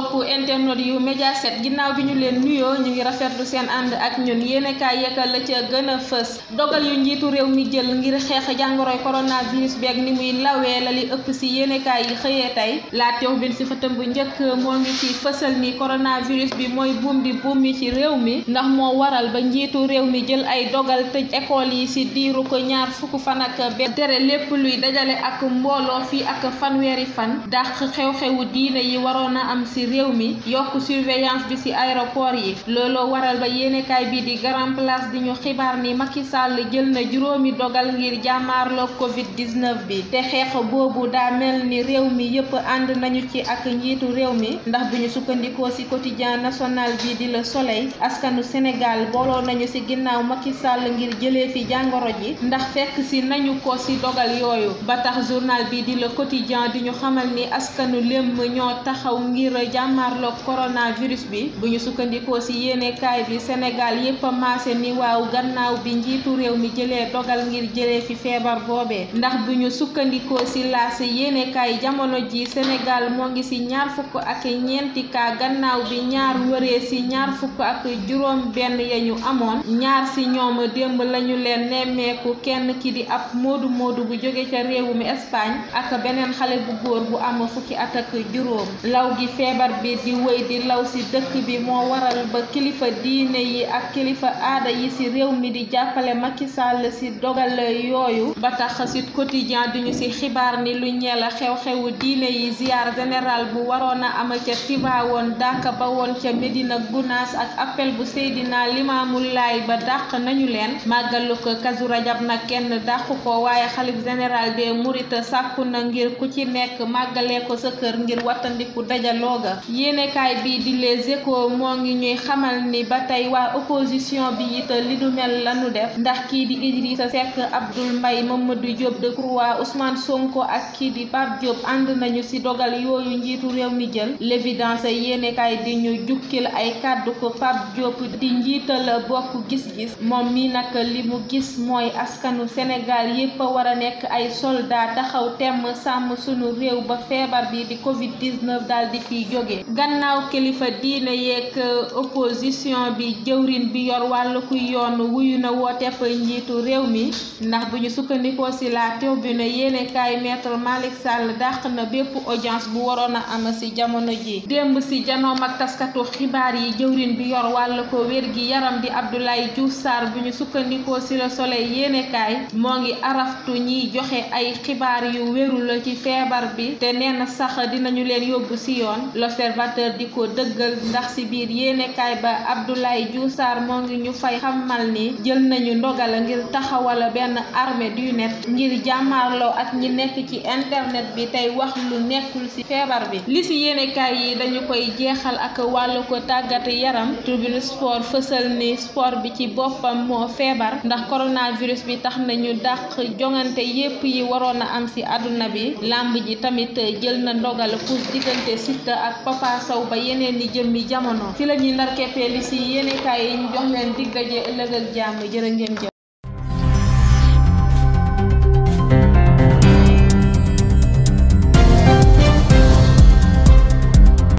mbokk internet yu Mediaset ginnaaw bi ñu leen nuyoo ñu ngi lu seen ànd ak ñun yéenekaay yekkal la ca gën a fës dogal yu njiitu réew mi jël ngir xeex jàngoroy coronavirus beeg ni muy lawee la ëpp si yéenekaay yi xëyee tey laa teew bin si xëtam bu njëkk moo ngi ci fësal ni coronavirus bi mooy buum di buum mi ci réew mi ndax moo waral ba njiitu réew mi jël ay dogal tëj école yi si diiru ko ñaar fukk fan ak benn tere lépp luy dajale ak mbooloo fii ak fanweeri fan dàq xew-xewu diine yi waroon a am si ci réew mi yokk surveillance bi ci aéroport yi looloo waral ba yéenekaay bi di grand place di ñu xibaar ni Macky Sall jël na juróomi dogal ngir jàmmaarloo Covid 19 bi te xeex boobu daa mel ni réew mi yépp ànd nañu ci ak njiitu réew mi ndax bu ñu sukkandikoo ci quotidien national bi di Le Soleil askanu Sénégal booloo nañu ci ginnaaw Macky Sall ngir jëlee fi jàngoro ji ndax fekk ci nañu ko ci dogal yooyu ba tax journal bi di Le Quotidien di ñu xamal ni askanu lémm ñoo taxaw ngir jàmmarloog coronavirus bi bu ñu sukkandikoo ci yéenekaay bi Sénégal yépp a maase ni waaw gannaaw bi njiitu réew mi jëlee dogal ngir jële fi feebar boobee ndax bu ñu sukkandikoo ci laas yéenekaay jamono ji Sénégal moo ngi ci ñaar fukk ak ñeenti kaa gannaaw bi ñaar wëree ci ñaar fukk ak juróom benn ya ñu amoon ñaar ci ñoom démb lañu leen nemmeeku kenn ki di ab moodu moodu bu jóge ca réew mi Espagne ak beneen xale bu góor bu am fukki at ak juróom feebar bi di wéy di bi moo waral ba kilifa diine yi ak kilifa aada yi ci réew mi di jàppale Macky Sall ci dogal yooyu ba tax Sud Quotidien duñu ci xibaar ni lu ñeel xew-xewu diine yi ziar général bu waroon a ama ca Tivaouane dàq ba woon ca Médina Gounass ak appel bu Seydina Limaamu Laay ba dàq nañu leen màggalu ko Kazu Rajab na kenn dàqu ko waaye xalif général des Mourides sàkku na ngir ku ci nekk màggalee ko sa kër ngir wattandiku dajaloo ga yéenekaay bii di Les moo ngi ñuy xamal ni ba tey waa opposition bi it li du mel lanu def ndax kii di Idrissa Seck Abdoul Mbaye Mamadou Diop Decroix Ousmane Sonko ak kii di Pape Diop ànd nañu ci dogal yooyu njiitu réew mi jël l'évidence yéenekaay di ñu jukkil ay kàddu ko Pape Diop di njiital bokk gis-gis moom mi nag li mu gis mooy askanu senegal yépp a war a nekk ay soldat taxaw temm sàmm sunu réew ba feebar bi di Covid-19 daal di fiy jóg jóge gannaaw kilifa diine yeeg euh, opposition bi jëwrin bi yor wàll kuy yoon wuyu na wooteef njiitu réew mi ndax bu ñu sukkandikoo si la tribune yéenekaay maître Malick Sall dàq na bépp audience bu waroon a am si jamono ji démb si janoom ak taskatu xibaar yi jëwrin bi yor wàll ko wér gi yaram di Abdoulaye Diouf saar bu ñu sukkandikoo si la soleil yéenekaay moo ngi araftu ñiy joxe ay xibaar yu wérul ci feebar bi te nee sax dinañu leen yóbbu si yoon l'observateur di ko dëggal ndax ci biir yéenekaay ba Abdoulaye Diouf Sarr moo ngi ñu fay xamal ni jël nañu ndogala ngir taxawala benn armée du net ngir jàmmarloo ak ñi nekk ci internet bi tey wax lu nekkul ci feebar bi li ci yéenekaay yi dañu koy jeexal ak wàllu ko tàggat yaram tribune sport fësal ni sport bi ci boppam moo feebar ndax coronavirus bi tax nañu daq jongante yépp yi waroon a am ci àdduna bi làmb ji tamit jël na ndogal pour diggante Siteu ak Papa Sow ba yeneen ni jëmmi jamono fi la ñuy ndar keppee li si yéenekaay yi ñu jox leen dig daje ëllëg ak jàmm jërë ngeen jëf